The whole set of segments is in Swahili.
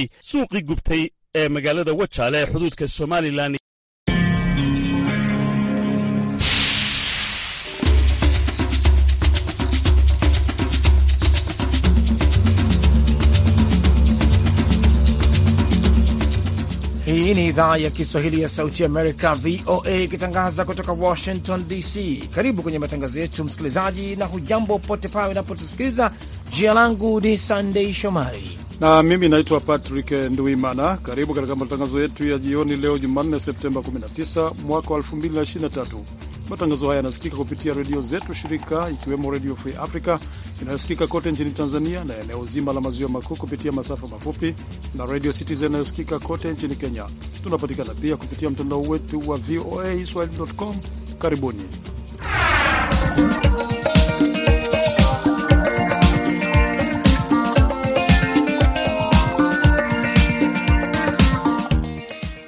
saameeyey suuqii gubtay ee magaalada wajaale ee xuduudka somalilan Hii ni idhaa ya Kiswahili ya Sauti Amerika, VOA, ikitangaza kutoka Washington DC. Karibu kwenye matangazo yetu, msikilizaji, na hujambo pote pale unapotusikiliza. Jina langu ni Sandei Shomari na mimi naitwa Patrick Nduimana. Karibu katika matangazo yetu ya jioni leo Jumanne, Septemba 19 mwaka wa 2023. Matangazo haya yanasikika kupitia redio zetu shirika, ikiwemo Redio Free Africa inayosikika kote nchini Tanzania na eneo zima la maziwa makuu kupitia masafa mafupi na Redio Citizen inayosikika kote nchini Kenya. Tunapatikana pia kupitia mtandao wetu wa VOA Swahili.com. Karibuni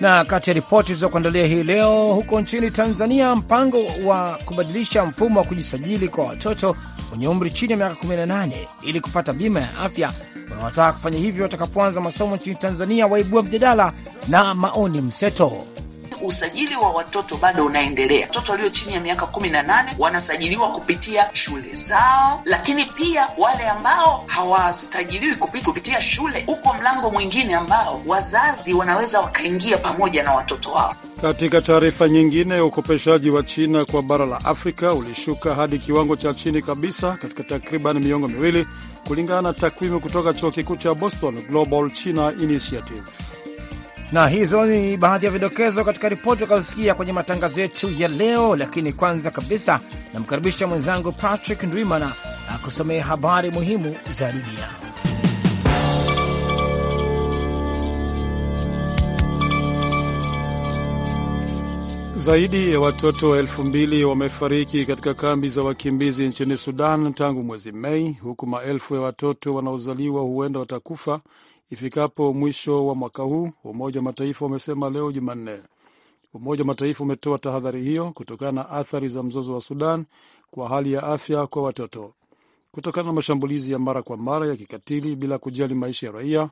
Na kati ya ripoti zilizokuandalia hii leo, huko nchini Tanzania, mpango wa kubadilisha mfumo wa kujisajili kwa watoto wenye umri chini ya miaka 18 ili kupata bima ya afya wanaotaka kufanya hivyo watakapoanza masomo nchini Tanzania waibua mjadala na maoni mseto usajili wa watoto bado unaendelea. Watoto walio chini ya miaka kumi na nane wanasajiliwa kupitia shule zao, lakini pia wale ambao hawasajiliwi kupitia shule, uko mlango mwingine ambao wazazi wanaweza wakaingia pamoja na watoto wao. Katika taarifa nyingine, ukopeshaji wa China kwa bara la Afrika ulishuka hadi kiwango cha chini kabisa katika takriban miongo miwili kulingana na takwimu kutoka chuo kikuu cha Boston Global China Initiative na hizo ni baadhi ya vidokezo katika ripoti wakazosikia kwenye matangazo yetu ya leo. Lakini kwanza kabisa, namkaribisha mwenzangu Patrick Ndwimana akusomea habari muhimu za dunia. Zaidi ya watoto elfu mbili wamefariki katika kambi za wakimbizi nchini Sudan tangu mwezi Mei, huku maelfu ya watoto wanaozaliwa huenda watakufa ifikapo mwisho wa mwaka huu, Umoja wa Mataifa umesema leo Jumanne. Umoja wa Mataifa umetoa tahadhari hiyo kutokana na athari za mzozo wa Sudan kwa hali ya afya kwa watoto kutokana na mashambulizi ya mara kwa mara ya kikatili bila kujali maisha ya raia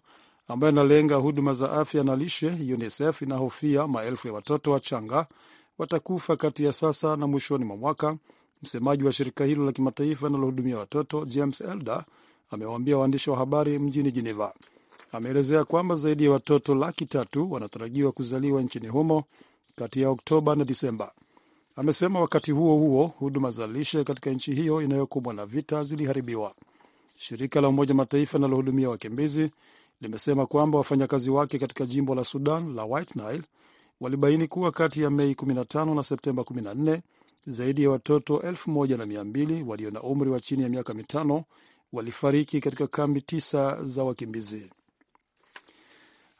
ambayo yanalenga huduma za afya na lishe. UNICEF inahofia maelfu ya watoto wachanga watakufa kati ya sasa na mwishoni mwa mwaka. Msemaji wa shirika hilo la kimataifa linalohudumia watoto James Elder amewaambia waandishi wa habari mjini Geneva ameelezea kwamba zaidi ya watoto laki tatu wanatarajiwa kuzaliwa nchini humo kati ya Oktoba na Disemba. Amesema wakati huo huo, huduma za lishe katika nchi hiyo inayokumbwa na vita ziliharibiwa. Shirika la Umoja Mataifa linalohudumia wakimbizi limesema kwamba wafanyakazi wake katika jimbo la Sudan la White Nile walibaini kuwa kati ya Mei 15 na Septemba 14 zaidi ya watoto 1200 walio na umri wa chini ya miaka mitano walifariki katika kambi tisa za wakimbizi.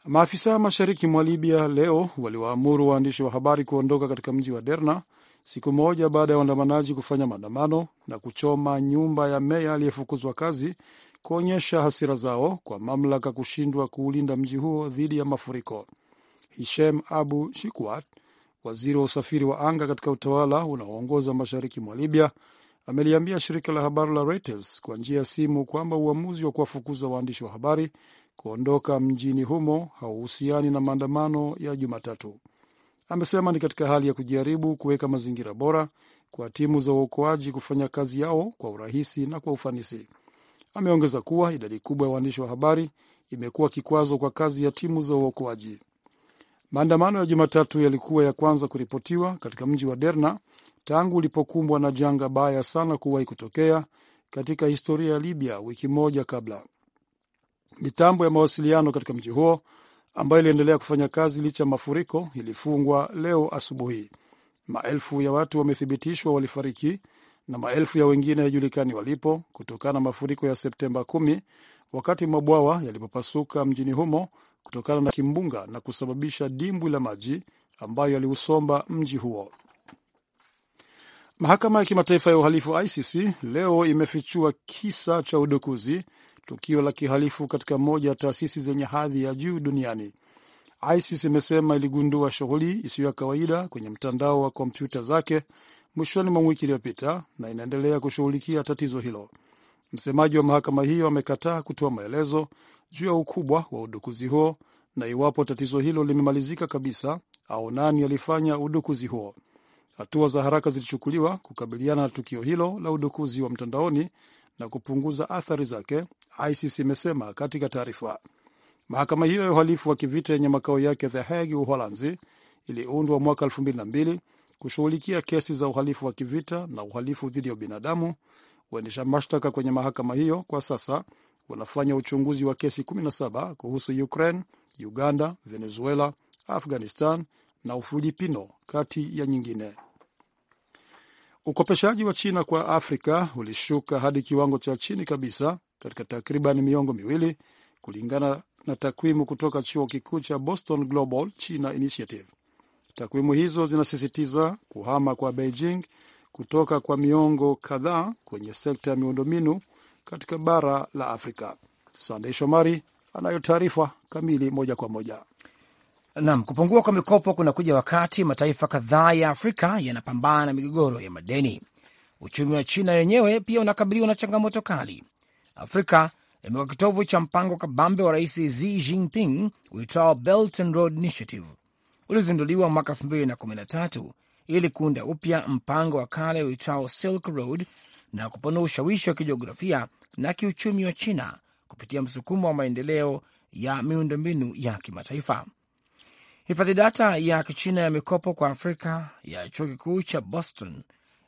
Maafisa mashariki mwa Libya leo waliwaamuru waandishi wa habari kuondoka katika mji wa Derna siku moja baada ya waandamanaji kufanya maandamano na kuchoma nyumba ya meya aliyefukuzwa kazi kuonyesha hasira zao kwa mamlaka kushindwa kuulinda mji huo dhidi ya mafuriko. Hishem Abu Shikwat, waziri wa usafiri wa anga katika utawala unaoongoza mashariki mwa Libya, ameliambia shirika la habari la Reuters kwa njia ya simu kwamba uamuzi wa kuwafukuza waandishi wa habari kuondoka mjini humo hauhusiani na maandamano ya Jumatatu. Amesema ni katika hali ya kujaribu kuweka mazingira bora kwa timu za uokoaji kufanya kazi yao kwa urahisi na kwa ufanisi. Ameongeza kuwa idadi kubwa ya waandishi wa habari imekuwa kikwazo kwa kazi ya timu za uokoaji. Maandamano ya Jumatatu yalikuwa ya kwanza kuripotiwa katika mji wa Derna tangu ulipokumbwa na janga baya sana kuwahi kutokea katika historia ya Libya wiki moja kabla. Mitambo ya mawasiliano katika mji huo ambayo iliendelea kufanya kazi licha ya mafuriko ilifungwa leo asubuhi. Maelfu ya watu wamethibitishwa walifariki na maelfu ya wengine hayajulikani walipo kutokana na mafuriko ya Septemba 10 wakati mabwawa yalipopasuka mjini humo kutokana na kimbunga na kusababisha dimbwi la maji ambayo yaliusomba mji huo. Mahakama ya Kimataifa ya Uhalifu ICC leo imefichua kisa cha udukuzi tukio la kihalifu katika moja ya taasisi zenye hadhi ya juu duniani. ISIS imesema iligundua shughuli isiyo ya kawaida kwenye mtandao wa kompyuta zake mwishoni mwa wiki iliyopita na inaendelea kushughulikia tatizo hilo. Msemaji wa mahakama hiyo amekataa kutoa maelezo juu ya ukubwa wa udukuzi huo na iwapo tatizo hilo limemalizika kabisa au nani alifanya udukuzi huo. Hatua za haraka zilichukuliwa kukabiliana na tukio hilo la udukuzi wa mtandaoni na kupunguza athari zake, ICC imesema katika taarifa. Mahakama hiyo ya uhalifu wa kivita yenye makao yake The Hague, Uholanzi, iliundwa mwaka 2002 kushughulikia kesi za uhalifu wa kivita na uhalifu dhidi ya binadamu. Waendesha mashtaka kwenye mahakama hiyo kwa sasa wanafanya uchunguzi wa kesi 17 kuhusu Ukraine, Uganda, Venezuela, Afghanistan na Ufilipino kati ya nyingine. Ukopeshaji wa China kwa Afrika ulishuka hadi kiwango cha chini kabisa katika takriban miongo miwili, kulingana na takwimu kutoka chuo kikuu cha Boston Global China Initiative. Takwimu hizo zinasisitiza kuhama kwa Beijing kutoka kwa miongo kadhaa kwenye sekta ya miundombinu katika bara la Afrika. Sandei Shomari anayo taarifa kamili moja kwa moja. Naam, kupungua kwa mikopo kunakuja wakati mataifa kadhaa ya Afrika yanapambana na migogoro ya madeni. Uchumi wa China yenyewe pia unakabiliwa na changamoto kali. Afrika imekuwa kitovu cha mpango kabambe wa Rais Xi Jinping uitwao Belt and Road Initiative. Ulizinduliwa mwaka 2013 ili kuunda upya mpango wa kale uitwao Silk Road na kupanua ushawishi wa kijiografia na kiuchumi wa China kupitia msukumo wa maendeleo ya miundombinu ya kimataifa. Hifadhi data ya Kichina ya mikopo kwa Afrika ya chuo kikuu cha Boston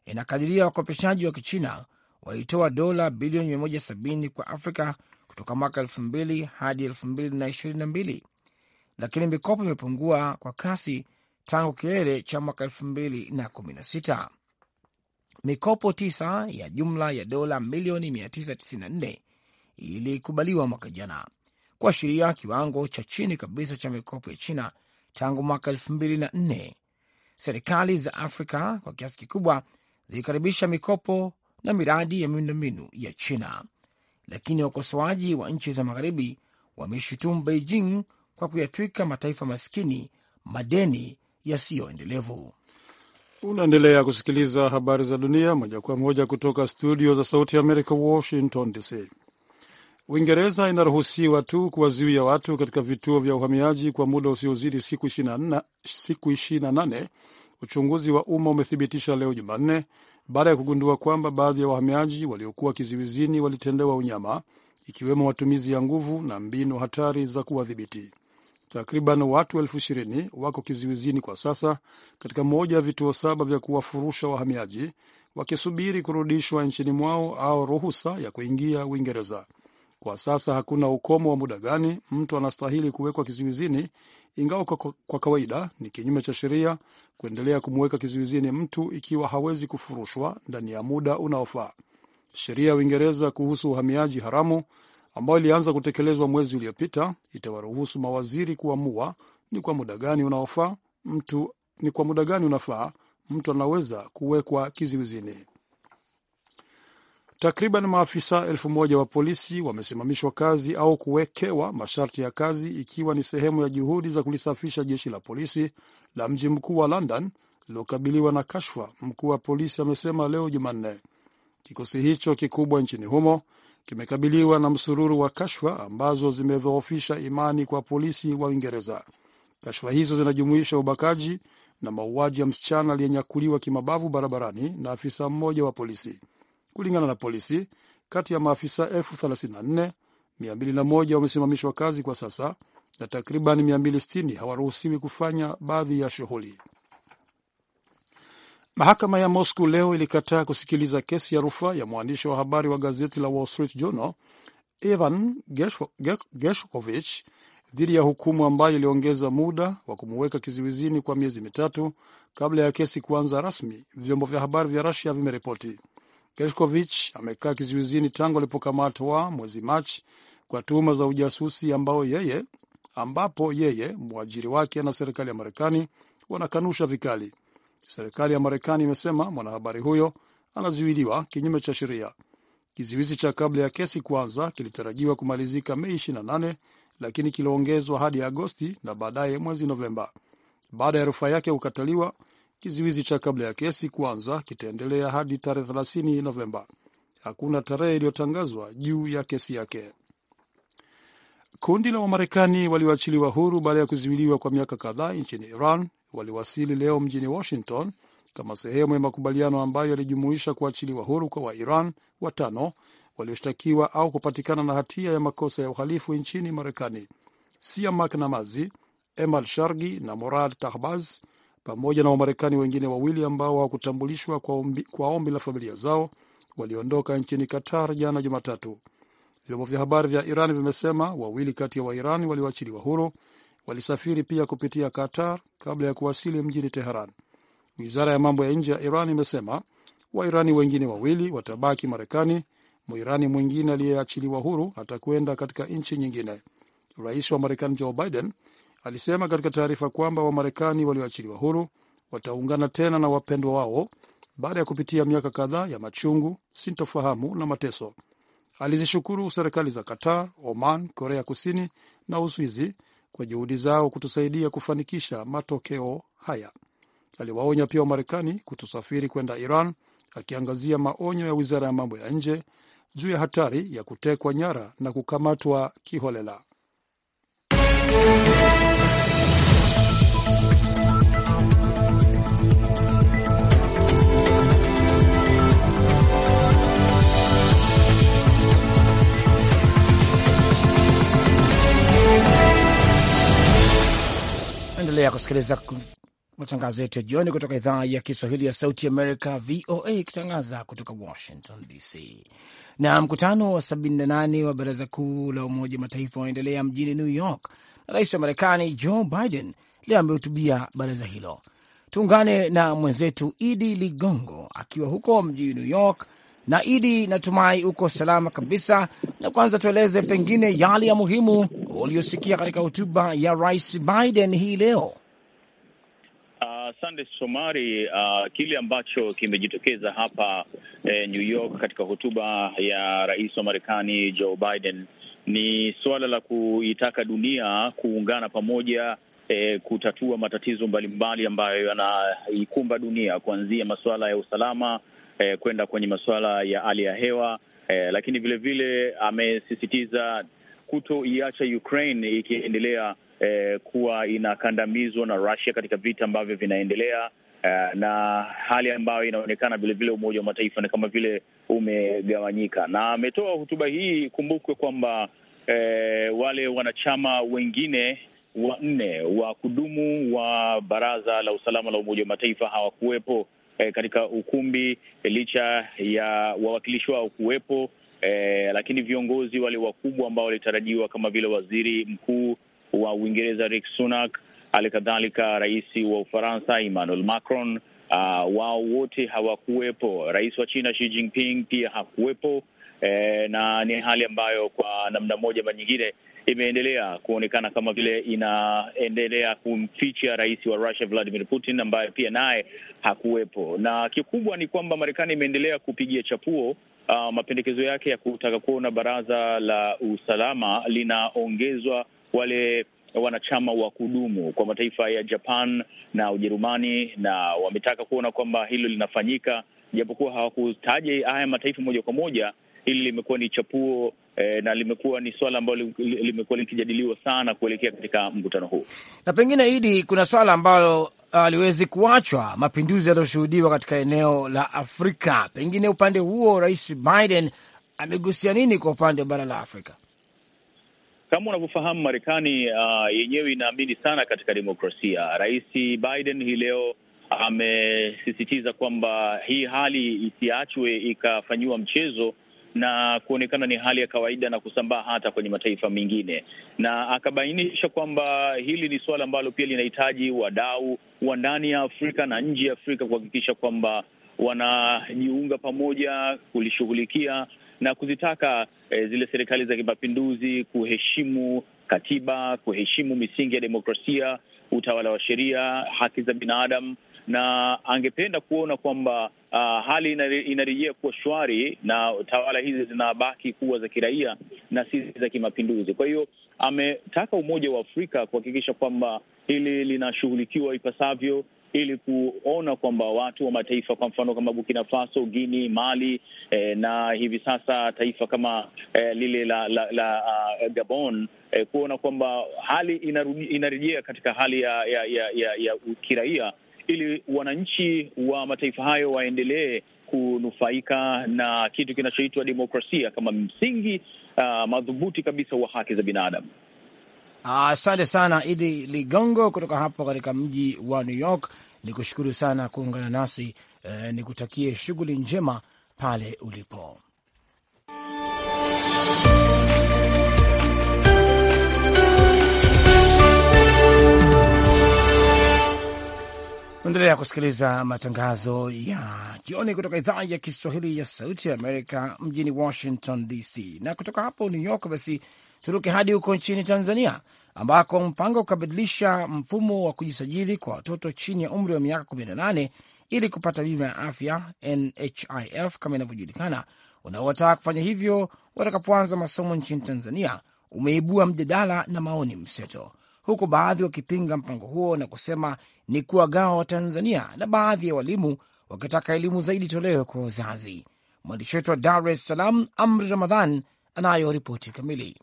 inakadiria wakopeshaji wa Kichina walitoa dola bilioni 170 kwa Afrika kutoka mwaka 2000 hadi 2022, lakini mikopo imepungua kwa kasi tangu kilele cha mwaka 2016. Mikopo tisa ya jumla ya dola milioni 994 ilikubaliwa mwaka jana kuashiria kiwango cha chini kabisa cha mikopo ya China tangu mwaka elfu mbili na nne. Serikali za Afrika kwa kiasi kikubwa zilikaribisha mikopo na miradi ya miundombinu ya China, lakini wakosoaji wa nchi za magharibi wameshutumu Beijing kwa kuyatwika mataifa maskini madeni yasiyoendelevu. Unaendelea kusikiliza habari za dunia moja kwa moja kutoka studio za Sauti ya Amerika, Washington DC. Uingereza inaruhusiwa tu kuwazuia watu katika vituo vya uhamiaji kwa muda usiozidi siku 28, siku 28. Uchunguzi wa umma umethibitisha leo Jumanne baada ya kugundua kwamba baadhi ya wahamiaji waliokuwa kizuizini walitendewa unyama, ikiwemo matumizi ya nguvu na mbinu hatari za kuwadhibiti. Takriban watu elfu ishirini wako kizuizini kwa sasa katika moja ya vituo saba vya kuwafurusha wahamiaji wakisubiri kurudishwa nchini mwao au ruhusa ya kuingia Uingereza. Kwa sasa hakuna ukomo wa muda gani mtu anastahili kuwekwa kizuizini, ingawa kwa kawaida ni kinyume cha sheria kuendelea kumweka kizuizini mtu ikiwa hawezi kufurushwa ndani ya muda unaofaa. Sheria ya Uingereza kuhusu uhamiaji haramu ambayo ilianza kutekelezwa mwezi uliopita itawaruhusu mawaziri kuamua ni kwa muda gani unaofaa mtu, ni kwa muda gani unafaa mtu anaweza kuwekwa kizuizini. Takriban maafisa elfu moja wa polisi wamesimamishwa kazi au kuwekewa masharti ya kazi ikiwa ni sehemu ya juhudi za kulisafisha jeshi la polisi la mji mkuu wa London lililokabiliwa na kashfa, mkuu wa polisi amesema leo Jumanne. Kikosi hicho kikubwa nchini humo kimekabiliwa na msururu wa kashfa ambazo zimedhoofisha imani kwa polisi wa Uingereza. Kashfa hizo zinajumuisha ubakaji na mauaji ya msichana aliyenyakuliwa kimabavu barabarani na afisa mmoja wa polisi. Kulingana na polisi, kati ya maafisa elfu 34 201 wamesimamishwa kazi kwa sasa na takriban 260 hawaruhusiwi kufanya baadhi ya shughuli. Mahakama ya Moscow leo ilikataa kusikiliza kesi ya rufaa ya mwandishi wa habari wa gazeti la Wall Street Journal Ivan Gershkovich dhidi ya hukumu ambayo iliongeza muda wa kumuweka kizuizini kwa miezi mitatu kabla ya kesi kuanza rasmi, vyombo vya habari vya rasia vimeripoti. Gershkovich amekaa kizuizini tangu alipokamatwa mwezi Machi kwa tuhuma za ujasusi ambao yeye, ambapo yeye, mwajiri wake na serikali ya Marekani wanakanusha vikali. Serikali ya Marekani imesema mwanahabari huyo anazuiliwa kinyume cha sheria. Kizuizi cha kabla ya kesi kuanza kilitarajiwa kumalizika Mei 28 lakini kiliongezwa hadi Agosti na baadaye mwezi Novemba baada ya rufaa yake kukataliwa. Kizuizi cha kabla ya kesi kuanza kitaendelea hadi tarehe 30 Novemba. Hakuna tarehe iliyotangazwa juu ya kesi yake. Kundi la Wamarekani walioachiliwa huru baada ya kuzuiliwa kwa miaka kadhaa nchini Iran waliwasili leo mjini Washington kama sehemu ya makubaliano ambayo yalijumuisha kuachiliwa huru kwa Wairan watano walioshtakiwa au kupatikana na hatia ya makosa ya uhalifu nchini Marekani. Siamak Namazi, Emal Shargi na Morad Tahbaz pamoja na Wamarekani wengine wawili ambao hawakutambulishwa kwa, kwa ombi la familia zao waliondoka nchini Qatar jana Jumatatu. Vyombo vya habari vya Iran vimesema wawili kati ya wairan walioachiliwa huru walisafiri pia kupitia Qatar kabla ya kuwasili mjini Teheran. Wizara ya mambo ya nje ya Iran imesema Wairani wengine wawili watabaki Marekani. Mwirani mwingine aliyeachiliwa huru atakwenda katika nchi nyingine. Rais wa Marekani Joe Biden Alisema katika taarifa kwamba Wamarekani walioachiliwa huru wataungana tena na wapendwa wao baada ya kupitia miaka kadhaa ya machungu, sintofahamu na mateso. Alizishukuru serikali za Qatar, Oman, Korea Kusini na Uswizi kwa juhudi zao kutusaidia kufanikisha matokeo haya. Aliwaonya pia Wamarekani kutosafiri kwenda Iran, akiangazia maonyo ya wizara ya mambo ya nje juu ya hatari ya kutekwa nyara na kukamatwa kiholela. Endelea kusikiliza matangazo yetu ya jioni kutoka idhaa ya Kiswahili ya Sauti Amerika, VOA, ikitangaza kutoka Washington DC. Na mkutano wa 78 wa Baraza Kuu la Umoja Mataifa waendelea mjini New York, na rais wa Marekani Joe Biden leo amehutubia baraza hilo. Tuungane na mwenzetu Idi Ligongo akiwa huko mjini New York na Idi, natumai uko salama kabisa. Na kwanza tueleze pengine yale ya muhimu uliyosikia katika hotuba ya Rais Biden hii leo. Sande somari uh, ah, kile ambacho kimejitokeza hapa eh, New York katika hotuba ya rais wa Marekani Joe Biden ni suala la kuitaka dunia kuungana pamoja eh, kutatua matatizo mbalimbali ambayo yanaikumba dunia kuanzia masuala ya usalama eh, kwenda kwenye masuala ya hali ya hewa eh, lakini vilevile amesisitiza kutoiacha Ukraine ikiendelea eh, kuwa inakandamizwa na Russia katika vita ambavyo vinaendelea eh, na hali ambayo inaonekana vilevile Umoja wa Mataifa ni kama vile umegawanyika, na ametoa hotuba hii. Kumbukwe kwamba eh, wale wanachama wengine wanne wa kudumu wa Baraza la Usalama la Umoja wa Mataifa hawakuwepo eh, katika ukumbi eh, licha ya wawakilishi wao kuwepo eh, lakini viongozi wale wakubwa ambao walitarajiwa kama vile waziri mkuu wa Uingereza Rishi Sunak, hali kadhalika rais wa Ufaransa Emmanuel Macron, uh, wao wote hawakuwepo. Rais wa China Xi Jinping pia hakuwepo e, na ni hali ambayo kwa namna moja ama nyingine imeendelea kuonekana kama vile inaendelea kumficha rais wa Russia Vladimir Putin ambaye pia naye hakuwepo, na kikubwa ni kwamba Marekani imeendelea kupigia chapuo Uh, mapendekezo yake ya kutaka kuona baraza la usalama linaongezwa wale wanachama wa kudumu kwa mataifa ya Japan na Ujerumani, na wametaka kuona kwamba hilo linafanyika, japokuwa hawakutaja haya mataifa moja kwa moja, hili limekuwa ni chapuo eh, na limekuwa ni swala ambalo limekuwa likijadiliwa sana kuelekea katika mkutano huu, na pengine hidi kuna swala ambalo ah, aliwezi uh, kuachwa, mapinduzi yaliyoshuhudiwa katika eneo la Afrika. Pengine upande huo Rais Biden amegusia nini kwa upande wa bara la Afrika? Kama unavyofahamu Marekani uh, yenyewe inaamini sana katika demokrasia. Rais Biden hii leo amesisitiza kwamba hii hali isiachwe ikafanyiwa mchezo na kuonekana ni hali ya kawaida na kusambaa hata kwenye mataifa mengine, na akabainisha kwamba hili ni suala ambalo pia linahitaji wadau wa ndani ya Afrika na nje ya Afrika kuhakikisha kwamba wanajiunga pamoja kulishughulikia na kuzitaka e, zile serikali za kimapinduzi kuheshimu katiba, kuheshimu misingi ya demokrasia, utawala wa sheria, haki za binadamu na angependa kuona kwamba uh, hali inarejea kuwa shwari na tawala hizi zinabaki kuwa za kiraia na si za kimapinduzi. Kwa hiyo ametaka Umoja wa Afrika kuhakikisha kwamba hili linashughulikiwa ipasavyo ili kuona kwamba watu wa mataifa kwa mfano kama Burkina Faso, Guini, Mali eh, na hivi sasa taifa kama eh, lile la, la, la uh, Gabon eh, kuona kwamba hali inarejea katika hali ya, ya, ya, ya, ya kiraia ili wananchi wa mataifa hayo waendelee kunufaika na kitu kinachoitwa demokrasia kama msingi uh, madhubuti kabisa wa haki za binadamu. Asante ah, sana Idi Ligongo kutoka hapo katika mji wa New York. ni kushukuru sana kuungana nasi eh, nikutakie shughuli njema pale ulipo. Naendelea kusikiliza matangazo ya jioni kutoka idhaa ya Kiswahili ya Sauti ya Amerika mjini Washington DC. Na kutoka hapo New York, basi turuke hadi huko nchini Tanzania, ambako mpango wa kubadilisha mfumo wa kujisajili kwa watoto chini ya umri wa miaka 18 ili kupata bima ya afya NHIF kama inavyojulikana, unaowataka kufanya hivyo watakapoanza masomo nchini Tanzania umeibua mjadala na maoni mseto huku baadhi wakipinga mpango huo na kusema ni kuwagawa Watanzania na baadhi ya walimu wakitaka elimu zaidi tolewe kwa wazazi. Mwandishi wetu wa Dar es Salaam, Amri Ramadhan, anayo ripoti kamili.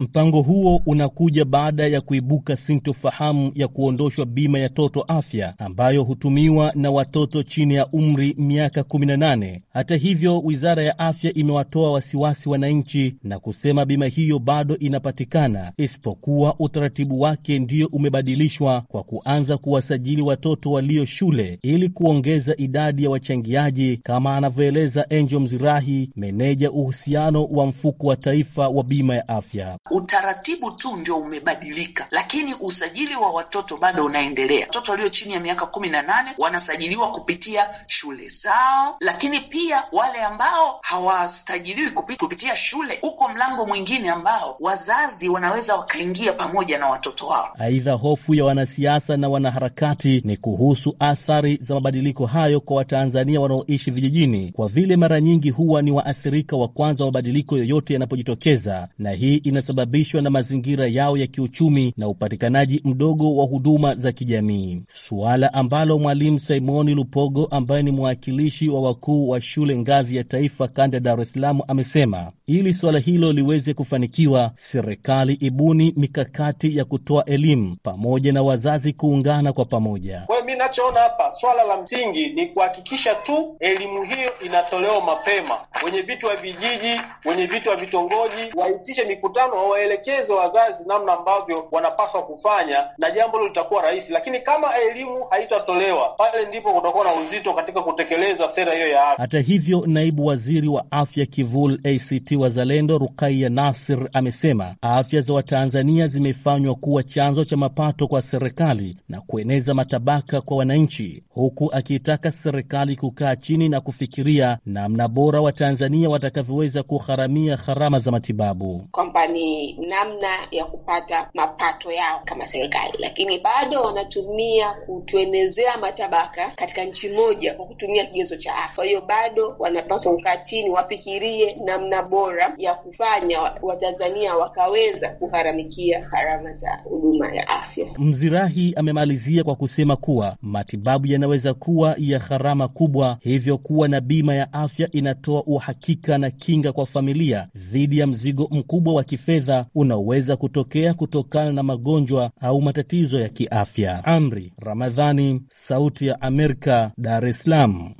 Mpango huo unakuja baada ya kuibuka sintofahamu ya kuondoshwa bima ya toto afya ambayo hutumiwa na watoto chini ya umri miaka 18. Hata hivyo, Wizara ya Afya imewatoa wasiwasi wananchi na kusema bima hiyo bado inapatikana, isipokuwa utaratibu wake ndio umebadilishwa kwa kuanza kuwasajili watoto walio shule ili kuongeza idadi ya wachangiaji, kama anavyoeleza Angel Mzirahi, meneja uhusiano wa Mfuko wa Taifa wa Bima ya Afya. Utaratibu tu ndio umebadilika, lakini usajili wa watoto bado unaendelea. Watoto walio chini ya miaka kumi na nane wanasajiliwa kupitia shule zao, lakini pia wale ambao hawasajiliwi kupitia shule, huko mlango mwingine ambao wazazi wanaweza wakaingia pamoja na watoto wao. Aidha, hofu ya wanasiasa na wanaharakati ni kuhusu athari za mabadiliko hayo kwa Watanzania wanaoishi vijijini, kwa vile mara nyingi huwa ni waathirika wa kwanza wa mabadiliko yoyote yanapojitokeza, na hii ina zinazosababishwa na mazingira yao ya kiuchumi na upatikanaji mdogo wa huduma za kijamii, suala ambalo Mwalimu Simoni Lupogo ambaye ni mwakilishi wa wakuu wa shule ngazi ya taifa kanda ya Dar es Salaam amesema ili suala hilo liweze kufanikiwa, serikali ibuni mikakati ya kutoa elimu pamoja na wazazi kuungana kwa pamoja. Kwa hiyo mi nachoona hapa, swala la msingi ni kuhakikisha tu elimu hiyo inatolewa mapema. Wenye vitu wa vijiji, wenye vitu wa vitongoji waitishe mikutano wawaelekeze wazazi namna ambavyo wanapaswa kufanya, na jambo hilo litakuwa rahisi. Lakini kama elimu haitatolewa, pale ndipo kutakuwa na uzito katika kutekeleza sera hiyo ya afya. Hata hivyo, naibu waziri wa afya kivul ACT Wazalendo Rukaiya Nasir amesema afya za Watanzania zimefanywa kuwa chanzo cha mapato kwa serikali na kueneza matabaka kwa wananchi, huku akitaka serikali kukaa chini na kufikiria namna bora Watanzania watakavyoweza kugharamia gharama za matibabu. Kompani namna ya kupata mapato yao kama serikali, lakini bado wanatumia kutuenezea matabaka katika nchi moja kwa kutumia kigezo cha afya. Kwa hiyo bado wanapaswa kukaa chini, wafikirie namna bora ya kufanya Watanzania wakaweza kuharamikia gharama za huduma ya afya. Mzirahi amemalizia kwa kusema kuwa matibabu yanaweza kuwa ya gharama kubwa, hivyo kuwa na bima ya afya inatoa uhakika na kinga kwa familia dhidi ya mzigo mkubwa wa kifedha fedha unaoweza kutokea kutokana na magonjwa au matatizo ya kiafya. Amri Ramadhani, Sauti ya Amerika, Dar es Salaam.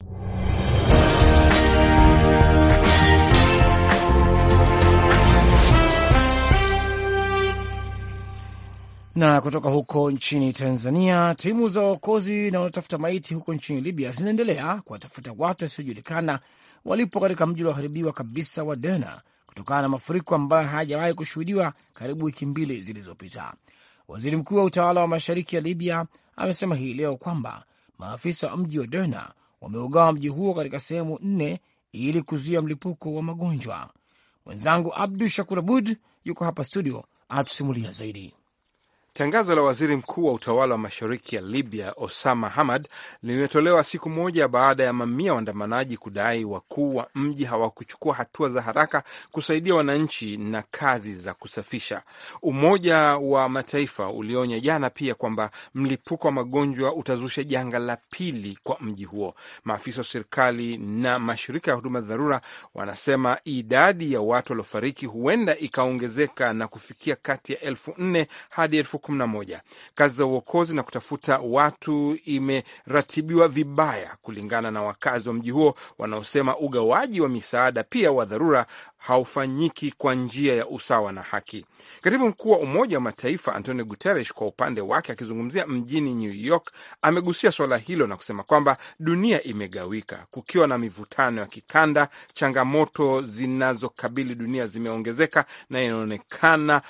Na kutoka huko nchini Tanzania, timu za waokozi na wanaotafuta maiti huko nchini Libya zinaendelea kuwatafuta watu wasiojulikana walipo katika mji ulioharibiwa kabisa wa Derna kutokana na mafuriko ambayo hayajawahi kushuhudiwa karibu wiki mbili zilizopita. Waziri mkuu wa utawala wa mashariki ya Libya amesema hii leo kwamba maafisa wa mji wa Derna wameugawa mji huo katika sehemu nne ili kuzuia mlipuko wa magonjwa. Mwenzangu Abdu Shakur Abud yuko hapa studio, anatusimulia zaidi. Tangazo la waziri mkuu wa utawala wa mashariki ya Libya Osama Hamad limetolewa siku moja baada ya mamia waandamanaji kudai wakuu wa mji hawakuchukua hatua za haraka kusaidia wananchi na kazi za kusafisha. Umoja wa Mataifa ulionya jana pia kwamba mlipuko wa magonjwa utazusha janga la pili kwa mji huo. Maafisa wa serikali na mashirika ya huduma dharura wanasema idadi ya watu waliofariki huenda ikaongezeka na kufikia kati ya elfu nne hadi elfu 11. Kazi za uokozi na kutafuta watu imeratibiwa vibaya, kulingana na wakazi wa mji huo wanaosema ugawaji wa misaada pia wa dharura haufanyiki kwa njia ya usawa na haki. Katibu mkuu wa Umoja wa Mataifa Antonio Guterres, kwa upande wake, akizungumzia mjini New York, amegusia suala hilo na kusema kwamba dunia imegawika, kukiwa na mivutano ya kikanda. Changamoto zinazokabili dunia zimeongezeka na inaonekana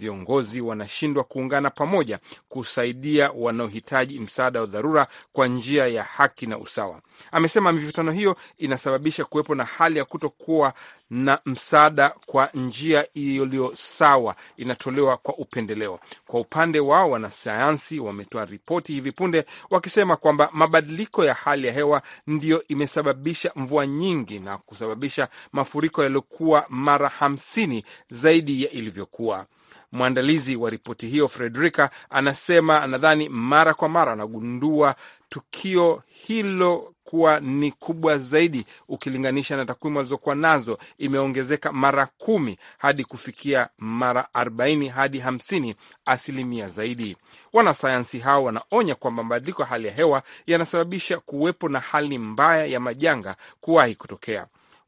viongozi wanashindwa kuungana kuungana pamoja kusaidia wanaohitaji msaada wa dharura kwa njia ya haki na usawa. Amesema mivutano hiyo inasababisha kuwepo na hali ya kutokuwa na msaada kwa njia iliyo sawa, inatolewa kwa upendeleo. Kwa upande wao, wanasayansi wametoa ripoti hivi punde wakisema kwamba mabadiliko ya hali ya hewa ndiyo imesababisha mvua nyingi na kusababisha mafuriko yaliyokuwa mara hamsini zaidi ya ilivyokuwa. Mwandalizi wa ripoti hiyo Frederica anasema anadhani mara kwa mara anagundua tukio hilo kuwa ni kubwa zaidi ukilinganisha na takwimu alizokuwa nazo, imeongezeka mara kumi hadi kufikia mara arobaini hadi hamsini asilimia zaidi. Wanasayansi hao wanaonya kwamba mabadiliko ya hali ya hewa yanasababisha kuwepo na hali mbaya ya majanga kuwahi kutokea.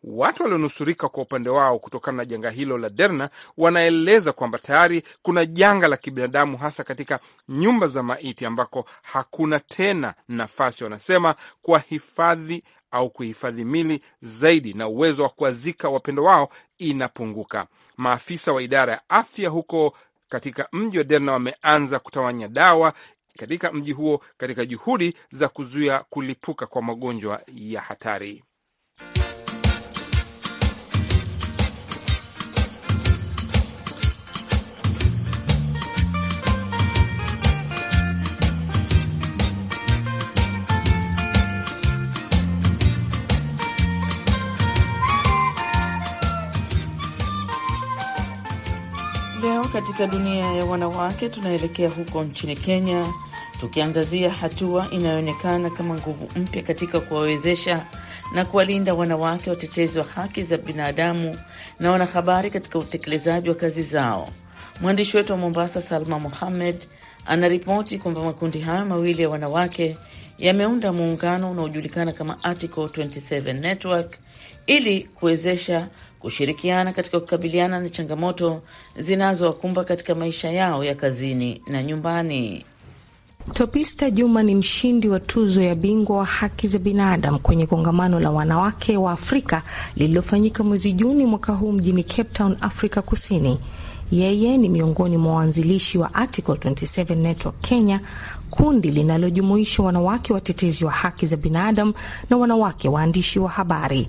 Watu walionusurika kwa upande wao kutokana na janga hilo la Derna wanaeleza kwamba tayari kuna janga la kibinadamu, hasa katika nyumba za maiti ambako hakuna tena nafasi, wanasema kuwahifadhi au kuhifadhi mili zaidi, na uwezo wa kuwazika wapendo wao inapunguka. Maafisa wa idara ya afya huko katika mji wa Derna wameanza kutawanya dawa katika mji huo katika juhudi za kuzuia kulipuka kwa magonjwa ya hatari. katika dunia ya wanawake, tunaelekea huko nchini Kenya tukiangazia hatua inayoonekana kama nguvu mpya katika kuwawezesha na kuwalinda wanawake watetezi wa haki za binadamu na wanahabari katika utekelezaji wa kazi zao. Mwandishi wetu wa Mombasa, Salma Mohamed, anaripoti kwamba makundi hayo mawili ya wanawake yameunda muungano unaojulikana kama Article 27 Network ili kuwezesha kushirikiana katika kukabiliana na changamoto zinazowakumba katika maisha yao ya kazini na nyumbani. Topista Juma ni mshindi wa tuzo ya bingwa wa haki za binadamu kwenye kongamano la wanawake wa Afrika lililofanyika mwezi Juni mwaka huu mjini Cape Town, Afrika Kusini. Yeye ni miongoni mwa waanzilishi wa Article 27 Network Kenya, kundi linalojumuisha wanawake watetezi wa haki za binadamu na wanawake waandishi wa habari.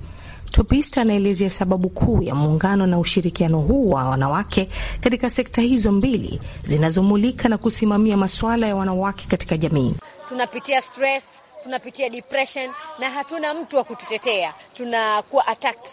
Topista anaelezea sababu kuu ya muungano na ushirikiano huu wa wanawake katika sekta hizo mbili zinazomulika na kusimamia masuala ya wanawake katika jamii. Tunapitia stress, tunapitia depression na hatuna mtu wa kututetea, tunakuwa attacked,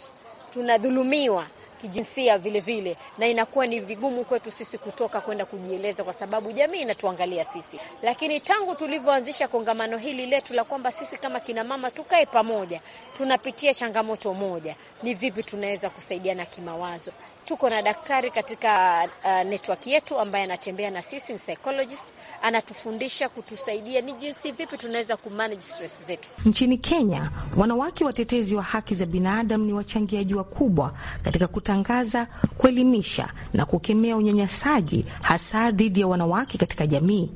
tunadhulumiwa kijinsia vile vile, na inakuwa ni vigumu kwetu sisi kutoka kwenda kujieleza, kwa sababu jamii inatuangalia sisi. Lakini tangu tulivyoanzisha kongamano hili letu la kwamba sisi kama kina mama tukae pamoja, tunapitia changamoto moja, ni vipi tunaweza kusaidiana kimawazo Tuko na daktari katika uh, network yetu ambaye anatembea na sisi, ni psychologist, anatufundisha kutusaidia ni jinsi vipi tunaweza kumanage stress zetu. Nchini Kenya, wanawake watetezi wa haki za binadamu ni wachangiaji wakubwa katika kutangaza, kuelimisha na kukemea unyanyasaji hasa dhidi ya wanawake katika jamii.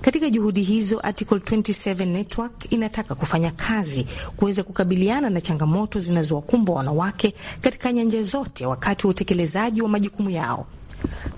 Katika juhudi hizo, Article 27 Network inataka kufanya kazi kuweza kukabiliana na changamoto zinazowakumba wanawake katika nyanja zote wakati wa utekelezaji utekelezaji wa majukumu yao.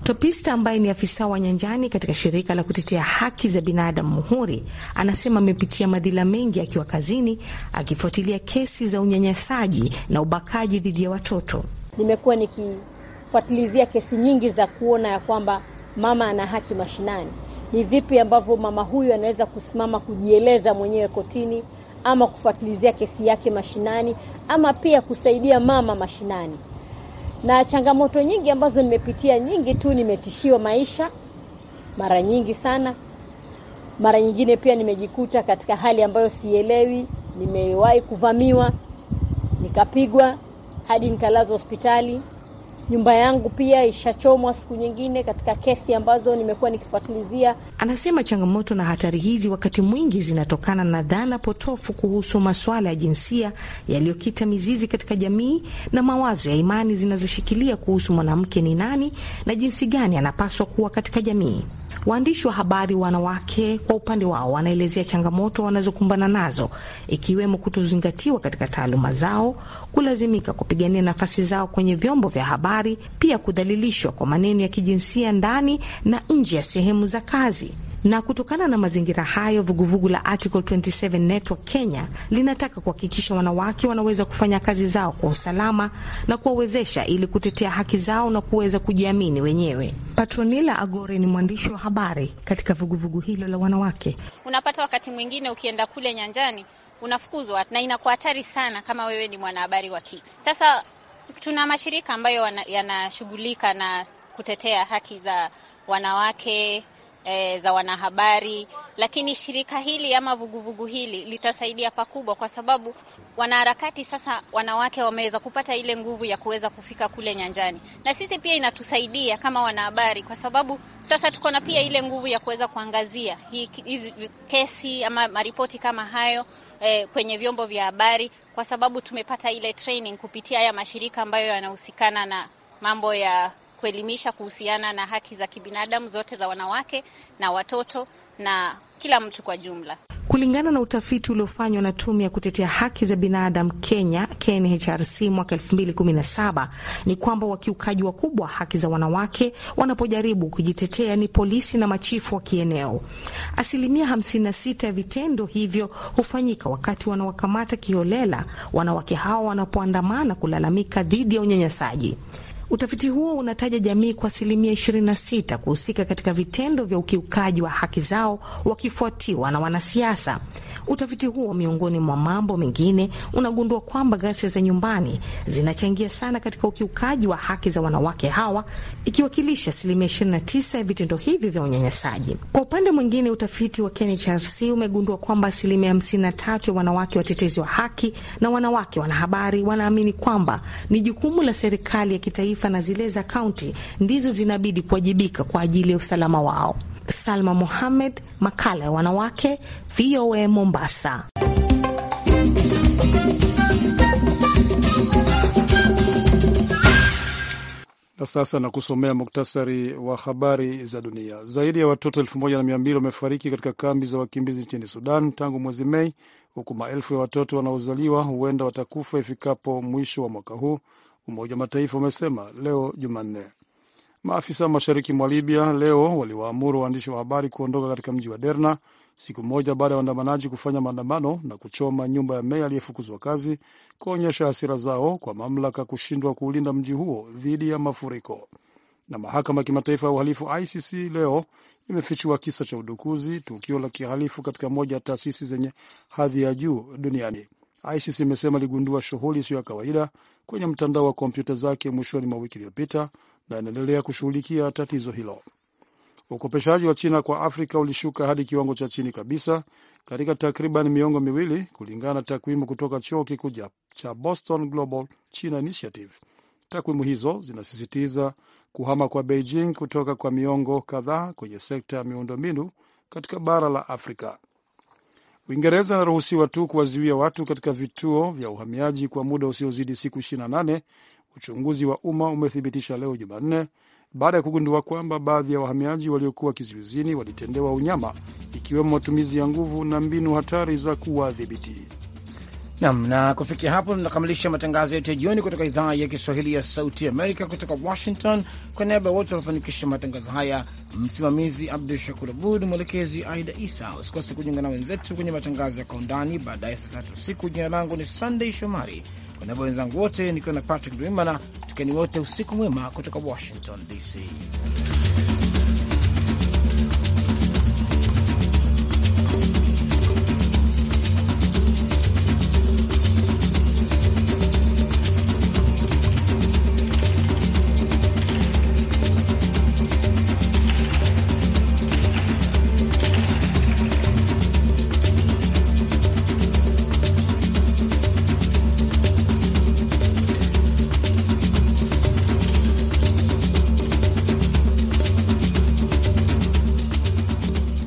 Topista ambaye ni afisa wa nyanjani katika shirika la kutetea haki za binadamu Muhuri anasema amepitia madhila mengi akiwa kazini, akifuatilia kesi za unyanyasaji na ubakaji dhidi ya watoto. Nimekuwa nikifuatilizia kesi nyingi za kuona ya kwamba mama ana haki mashinani. Ni vipi ambavyo mama huyu anaweza kusimama kujieleza mwenyewe kotini, ama kufuatilizia kesi yake mashinani, ama pia kusaidia mama mashinani na changamoto nyingi ambazo nimepitia nyingi tu. Nimetishiwa maisha mara nyingi sana, mara nyingine pia nimejikuta katika hali ambayo sielewi. Nimewahi kuvamiwa nikapigwa hadi nikalazwa hospitali nyumba yangu pia ishachomwa siku nyingine, katika kesi ambazo nimekuwa nikifuatilizia. Anasema changamoto na hatari hizi wakati mwingi zinatokana na dhana potofu kuhusu masuala ya jinsia yaliyokita mizizi katika jamii na mawazo ya imani zinazoshikilia kuhusu mwanamke ni nani na jinsi gani anapaswa kuwa katika jamii. Waandishi wa habari wanawake kwa upande wao wanaelezea changamoto wanazokumbana nazo, ikiwemo kutozingatiwa katika taaluma zao, kulazimika kupigania nafasi zao kwenye vyombo vya habari, pia kudhalilishwa kwa maneno ya kijinsia ndani na nje ya sehemu za kazi. Na kutokana na mazingira hayo, vuguvugu la Article 27 Network Kenya linataka kuhakikisha wanawake wanaweza kufanya kazi zao kwa usalama na kuwawezesha ili kutetea haki zao na kuweza kujiamini wenyewe. Patronila Agore ni mwandishi wa habari katika vuguvugu hilo la wanawake. Unapata wakati mwingine ukienda kule nyanjani unafukuzwa na inakuwa hatari sana kama wewe ni mwanahabari wa kike. Sasa tuna mashirika ambayo yanashughulika na kutetea haki za wanawake e, za wanahabari, lakini shirika hili ama vuguvugu vugu hili litasaidia pakubwa, kwa sababu wanaharakati sasa wanawake wameweza kupata ile nguvu ya kuweza kufika kule nyanjani, na sisi pia inatusaidia kama wanahabari, kwa sababu sasa tuko na pia ile nguvu ya kuweza kuangazia hizi kesi ama maripoti kama hayo e, kwenye vyombo vya habari, kwa sababu tumepata ile training kupitia haya mashirika ambayo yanahusikana na mambo ya kuelimisha kuhusiana na haki za kibinadamu zote za wanawake na watoto na kila mtu kwa jumla. Kulingana na utafiti uliofanywa na tume ya kutetea haki za binadamu Kenya, KNHRC, mwaka 2017 ni kwamba wakiukaji wakubwa wa haki za wanawake wanapojaribu kujitetea ni polisi na machifu wa kieneo. Asilimia 56 ya vitendo hivyo hufanyika wakati wanawakamata kiholela wanawake hao wanapoandamana kulalamika dhidi ya unyanyasaji. Utafiti huo unataja jamii kwa asilimia 26 kuhusika katika vitendo vya ukiukaji wa haki zao wakifuatiwa na wanasiasa. Utafiti huo miongoni mwa mambo mengine unagundua kwamba ghasia za nyumbani zinachangia sana katika ukiukaji wa haki za wanawake hawa, ikiwakilisha asilimia 29 ya vitendo hivi vya unyanyasaji. Kwa upande mwingine, utafiti wa KNHRC umegundua kwamba asilimia 53 ya wanawake watetezi wa haki na wanawake wanahabari wanaamini kwamba ni jukumu la serikali ya kitaifa na zile za kaunti ndizo zinabidi kuwajibika kwa ajili ya usalama wao. Salma Mohamed, makala ya wanawake, VOA Mombasa. Na sasa na kusomea muktasari wa habari za dunia. Zaidi ya watoto elfu moja na mia mbili wamefariki katika kambi za wakimbizi nchini Sudan tangu mwezi Mei, huku maelfu ya watoto wanaozaliwa huenda watakufa ifikapo mwisho wa mwaka huu, Umoja wa Mataifa umesema leo Jumanne. Maafisa mashariki mwa Libya leo waliwaamuru waandishi wa habari kuondoka katika mji wa Derna siku moja baada ya waandamanaji kufanya maandamano na kuchoma nyumba ya meya aliyefukuzwa kazi, kuonyesha hasira zao kwa mamlaka kushindwa kuulinda mji huo dhidi ya mafuriko. Na mahakama ya kimataifa ya uhalifu ICC leo imefichua kisa cha udukuzi, tukio la kihalifu katika moja ya taasisi zenye hadhi ya juu duniani. ICC imesema iligundua shughuli isiyo ya kawaida kwenye mtandao wa kompyuta zake mwishoni mwa wiki iliyopita na inaendelea kushughulikia tatizo hilo. Ukopeshaji wa China kwa Afrika ulishuka hadi kiwango cha chini kabisa katika takriban miongo miwili, kulingana na takwimu kutoka chuo kikuu cha Boston Global China Initiative. Takwimu hizo zinasisitiza kuhama kwa Beijing kutoka kwa miongo kadhaa kwenye sekta ya miundombinu katika bara la Afrika. Uingereza inaruhusiwa tu kuwazuia watu katika vituo vya uhamiaji kwa muda usiozidi siku Uchunguzi wa umma umethibitisha leo Jumanne baada ya kugundua kwamba baadhi ya wahamiaji waliokuwa kizuizini walitendewa unyama, ikiwemo matumizi ya nguvu na mbinu hatari za kuwadhibiti. Nam na kufikia hapo tunakamilisha matangazo yetu ya jioni kutoka idhaa ya Kiswahili ya Sauti Amerika kutoka Washington. Kwa niaba ya wote waliofanikisha matangazo haya, msimamizi Abdu Shakur Abud, mwelekezi Aida Isa. Usikose kujiunga na wenzetu kwenye matangazo ya Kwa Undani baadaye saa tatu usiku. Jina langu ni Sandey Shomari. Kwa niaba wenzangu wote, nikiwa na Patrick Dwimana, tukieni wote usiku mwema kutoka Washington DC.